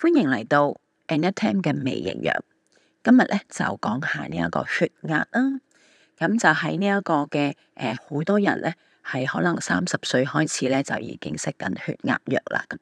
歡迎嚟到 Annette Tam 嘅微營養，今日咧就講下呢一個血壓啊，咁就喺呢一個嘅誒，好、呃、多人咧係可能三十歲開始咧就已經食緊血壓藥啦，咁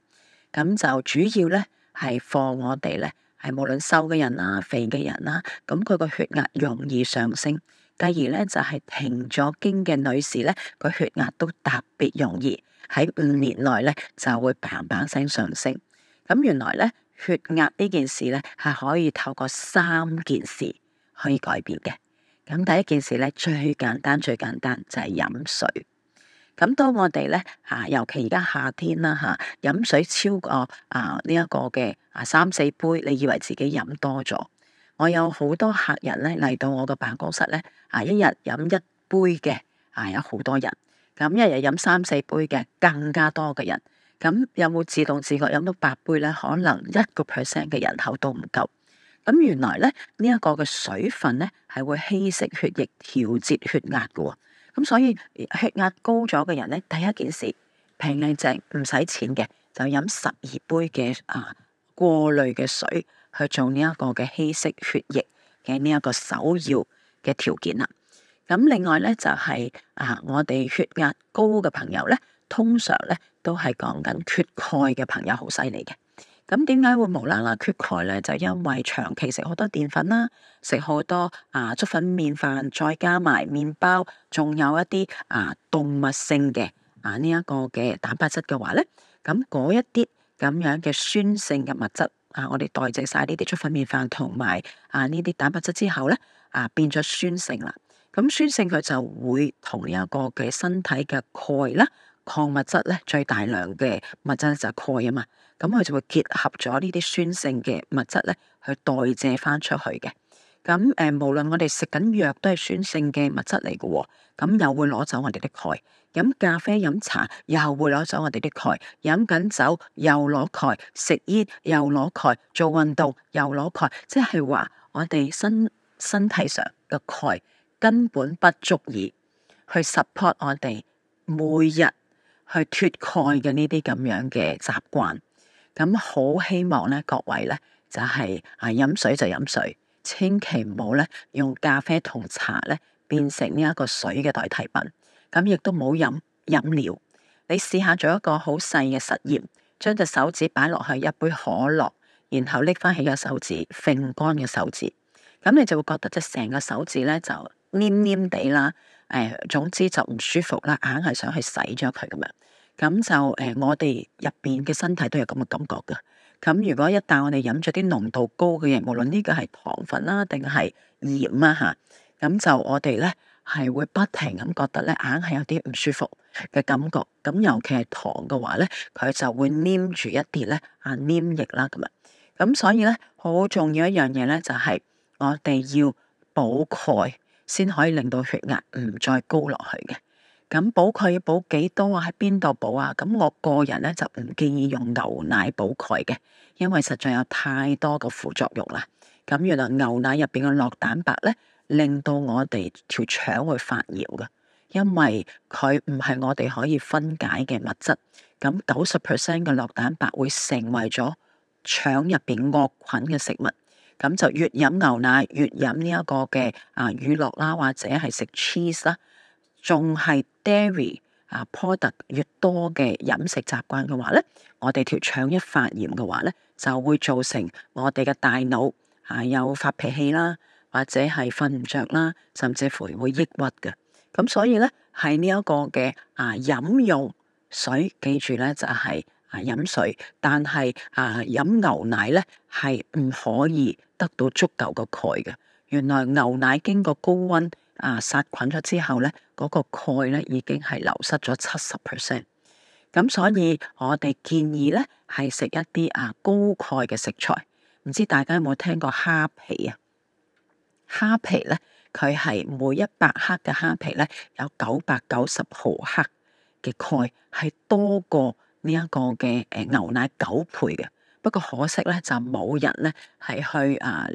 咁就主要咧係放我哋咧係無論瘦嘅人啊、肥嘅人啦、啊，咁佢個血壓容易上升，繼而咧就係、是、停咗經嘅女士咧，個血壓都特別容易喺五年內咧就會嘭嘭聲上升，咁原來咧。血壓呢件事咧，係可以透過三件事可以改變嘅。咁第一件事咧，最簡單最簡單就係飲水。咁當我哋咧嚇，尤其而家夏天啦嚇，飲水超過啊呢一個嘅啊三四杯，你以為自己飲多咗？我有好多客人咧嚟到我嘅辦公室咧，啊一日飲一杯嘅啊有好多人，咁一日飲三四杯嘅更加多嘅人。咁有冇自動自覺飲到八杯咧？可能一個 percent 嘅人口都唔夠。咁原來咧呢一個嘅水分咧係會稀釋血液，調節血壓嘅喎。咁所以血壓高咗嘅人咧，第一件事平靚正唔使錢嘅，就飲十二杯嘅啊過濾嘅水去做呢一個嘅稀釋血液嘅呢一個首要嘅條件啦。咁另外咧就係啊，我哋血壓高嘅朋友咧，通常咧。都係講緊缺鈣嘅朋友好犀利嘅，咁點解會無啦啦缺鈣咧？就因為長期食好多澱粉啦，食好多啊粥粉麵飯，再加埋麵包，仲有一啲啊動物性嘅啊呢一個嘅蛋白質嘅話咧，咁嗰一啲咁樣嘅酸性嘅物質啊，我哋代謝晒呢啲粥粉麵飯同埋啊呢啲蛋白質之後咧啊變咗酸性啦，咁酸性佢就會同呢一個嘅身體嘅鈣啦。礦物質咧，最大量嘅物質就係鈣啊嘛，咁佢就會結合咗呢啲酸性嘅物質咧去代謝翻出去嘅。咁誒，無論我哋食緊藥都係酸性嘅物質嚟嘅喎，咁又會攞走我哋啲鈣。飲咖啡、飲茶又會攞走我哋啲鈣。飲緊酒又攞鈣，食煙又攞鈣，做運動又攞鈣。即係話我哋身身體上嘅鈣根本不足以去 support 我哋每日，去脫鈣嘅呢啲咁樣嘅習慣，咁好希望咧，各位咧就係啊飲水就飲水，千祈唔好咧用咖啡同茶咧變成呢一個水嘅代替品，咁亦都冇飲飲料。你試下做一個好細嘅實驗，將隻手指擺落去一杯可樂，然後拎翻起個手指，揈乾嘅手指，咁你就會覺得隻成個手指咧就黏黏地啦。誒，總之就唔舒服啦，硬係想去洗咗佢咁樣，咁就誒，我哋入邊嘅身體都有咁嘅感覺噶。咁如果一旦我哋飲咗啲濃度高嘅嘢，無論呢個係糖分啦、啊，定係鹽啊吓，咁、啊、就我哋咧係會不停咁覺得咧，硬係有啲唔舒服嘅感覺。咁尤其係糖嘅話咧，佢就會黏住一啲咧啊黏液啦咁樣。咁所以咧，好重要一樣嘢咧就係、是、我哋要補鈣。先可以令到血壓唔再高落去嘅。咁補鈣要補幾多啊？喺邊度補啊？咁我個人咧就唔建議用牛奶補鈣嘅，因為實在有太多個副作用啦。咁原來牛奶入邊嘅酪蛋白咧，令到我哋條腸會發炎嘅，因為佢唔係我哋可以分解嘅物質。咁九十 percent 嘅酪蛋白會成為咗腸入邊惡菌嘅食物。咁就越飲牛奶、越飲呢一個嘅啊乳酪啦，或者係食 cheese 啦，仲係 dairy 啊 product 越多嘅飲食習慣嘅話咧，我哋條腸一發炎嘅話咧，就會造成我哋嘅大腦啊有發脾氣啦，或者係瞓唔着啦，甚至乎會抑鬱嘅。咁所以咧，係呢一個嘅啊飲用水，記住咧就係、是。啊！飲水，但係啊飲牛奶咧，係唔可以得到足夠嘅鈣嘅。原來牛奶經過高溫啊殺菌咗之後咧，嗰個鈣咧已經係流失咗七十 percent。咁所以我哋建議咧係食一啲啊高鈣嘅食材。唔知大家有冇聽過蝦皮啊？蝦皮咧，佢係每一百克嘅蝦皮咧有九百九十毫克嘅鈣，係多過。呢一個嘅誒牛奶九倍嘅，不過可惜咧就冇人咧係去啊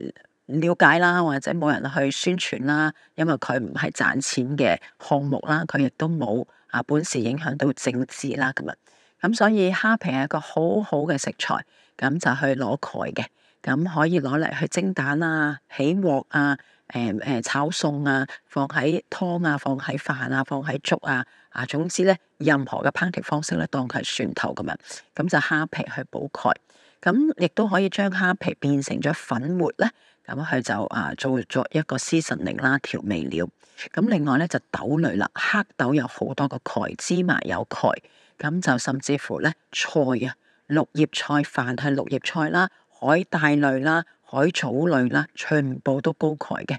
了解啦，或者冇人去宣傳啦，因為佢唔係賺錢嘅項目啦，佢亦都冇啊本事影響到政治啦咁啊，咁所以蝦皮係一個好好嘅食材，咁就去攞鈣嘅，咁可以攞嚟去蒸蛋啊、起鑊啊、誒、嗯、誒炒餸啊、放喺湯啊、放喺飯啊、放喺粥啊，啊總之咧，任何嘅烹調方式咧，當佢係蒜頭咁樣，咁就蝦皮去補鈣，咁亦都可以將蝦皮變成咗粉末咧，咁佢就啊做咗一個 seasoning 啦調味料。咁另外咧就豆類啦，黑豆有好多個鈣，芝麻有鈣，咁就甚至乎咧菜啊，綠葉菜，凡係綠葉菜啦，海帶類啦、海藻類啦，全部都高鈣嘅。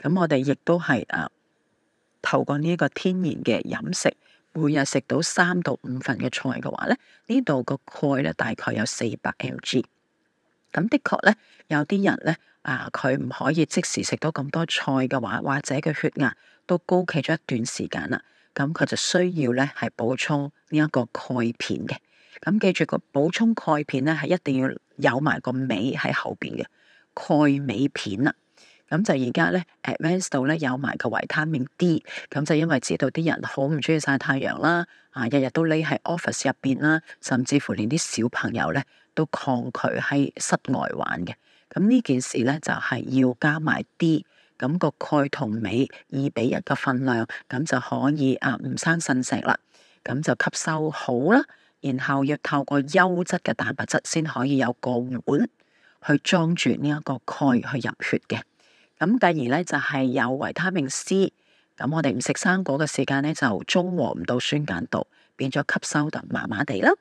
咁我哋亦都係啊，透過呢一個天然嘅飲食。每日食到三到五份嘅菜嘅話咧，呢度個鈣咧大概有四百 mg。咁的確咧，有啲人咧啊，佢唔可以即時食到咁多菜嘅話，或者佢血壓都高企咗一段時間啦，咁佢就需要咧係補充呢一個鈣片嘅。咁記住個補充鈣片咧係一定要有埋個尾喺後邊嘅鈣鎂片啦。咁就而家咧，advance 到咧有埋個維他命 D。咁就因為知道啲人好唔中意曬太陽啦，啊，日日都匿喺 office 入邊啦，甚至乎連啲小朋友咧都抗拒喺室外玩嘅。咁呢件事咧就係要加埋 D，咁個鈣同鎂二比一嘅份量，咁就可以啊唔生腎石啦，咁就吸收好啦。然後要透過優質嘅蛋白質先可以有個碗去裝住呢一個鈣去入血嘅。咁繼而咧就係有維他命 C，咁我哋唔食生果嘅時間咧就中和唔到酸鹼度，變咗吸收得麻麻地啦。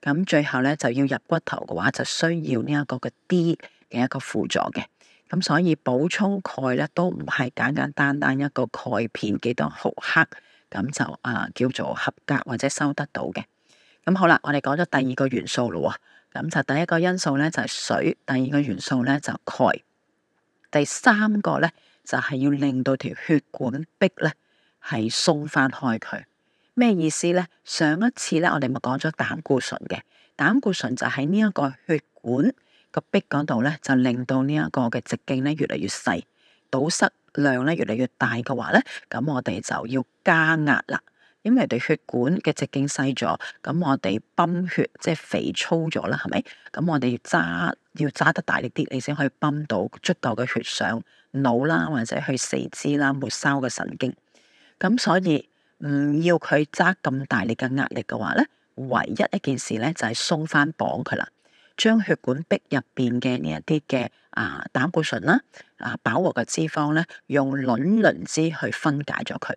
咁最後咧就要入骨頭嘅話就需要呢一個嘅 D 嘅一個輔助嘅。咁所以補充鈣咧都唔係簡簡單單一個鈣片幾多毫克咁就啊叫做合格或者收得到嘅。咁好啦，我哋講咗第二個元素啦喎，咁就第一個因素咧就係水，第二個元素咧就鈣。第三個咧，就係要令到條血管壁咧係鬆翻開佢。咩意思咧？上一次咧，我哋咪講咗膽固醇嘅，膽固醇就喺呢一個血管個壁嗰度咧，就令到呢一個嘅直徑咧越嚟越細，堵塞量咧越嚟越大嘅話咧，咁我哋就要加壓啦。因為我哋血管嘅直徑細咗，咁我哋泵血即係肥粗咗啦，係咪？咁我哋要揸。要揸得大力啲，你先可以泵到足夠嘅血上腦啦，或者去四肢啦，末梢嘅神經。咁所以唔、嗯、要佢揸咁大力嘅壓力嘅話咧，唯一一件事咧就係鬆翻綁佢啦，將血管壁入邊嘅呢一啲嘅啊膽固醇啦啊飽和嘅脂肪咧，用卵磷脂去分解咗佢。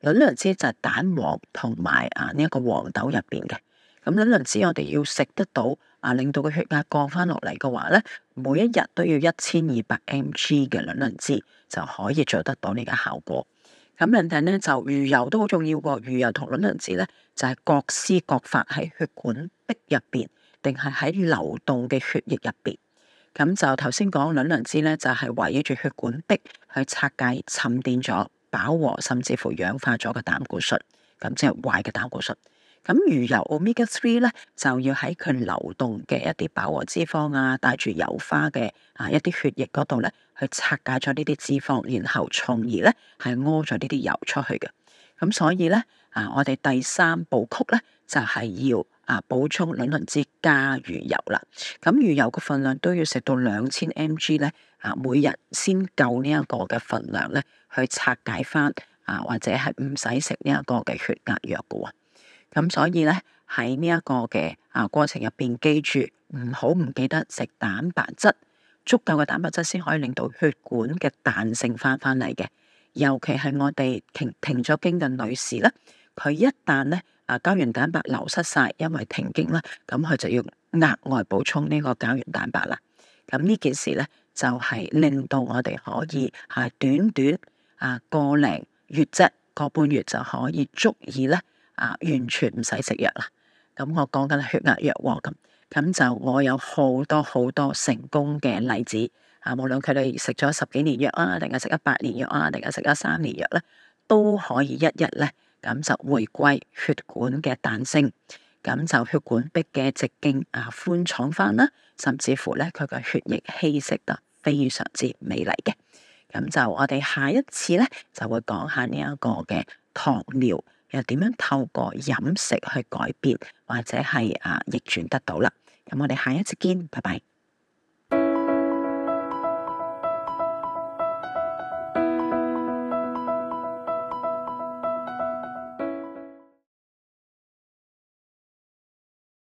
卵磷脂就係蛋黃同埋啊呢一、這個黃豆入邊嘅。咁卵磷脂我哋要食得到，啊令到個血壓降翻落嚟嘅話咧，每一日都要一千二百 mg 嘅卵磷脂就可以做得到呢個效果。咁問題咧就魚油都好重要喎、哦，魚油同卵磷脂咧就係、是、各施各法喺血管壁入邊，定係喺流動嘅血液入邊。咁就頭先講卵磷脂咧就係圍繞住血管壁去拆解沉澱咗飽和甚至乎氧化咗個膽固醇，咁即係壞嘅膽固醇。咁魚油 omega three 咧，就要喺佢流動嘅一啲飽和脂肪啊，帶住油花嘅啊一啲血液嗰度咧，去拆解咗呢啲脂肪，然後從而咧係屙咗呢啲油出去嘅。咁所以咧啊，我哋第三部曲咧就係、是、要啊補充卵磷脂加魚油啦。咁、啊、魚油嘅份量都要食到兩千 mg 咧啊，每日先夠呢一個嘅份量咧，去拆解翻啊，或者係唔使食呢一個嘅血壓藥嘅喎。咁所以咧，喺呢一個嘅啊過程入邊，記住唔好唔記得食蛋白質，足夠嘅蛋白質先可以令到血管嘅彈性翻翻嚟嘅。尤其係我哋停停咗經嘅女士咧，佢一旦咧啊膠原蛋白流失晒，因為停經啦，咁佢就要額外補充呢個膠原蛋白啦。咁呢件事咧，就係令到我哋可以係短短啊個零月啫，個半月就可以足以咧。啊，完全唔使食藥啦！咁我講緊血壓藥喎，咁咁就我有好多好多成功嘅例子啊！無論佢哋食咗十幾年藥啊，定係食咗八年藥啊，定係食咗三年藥咧，都可以一日咧咁就回歸血管嘅彈性，咁就血管壁嘅直徑啊寬敞翻啦，甚至乎咧佢個血液稀釋得非常之美麗嘅。咁就我哋下一次咧就會講下呢一個嘅糖尿，又點樣透過飲食去改變，或者係啊逆轉得到啦？咁我哋下一次見，拜拜。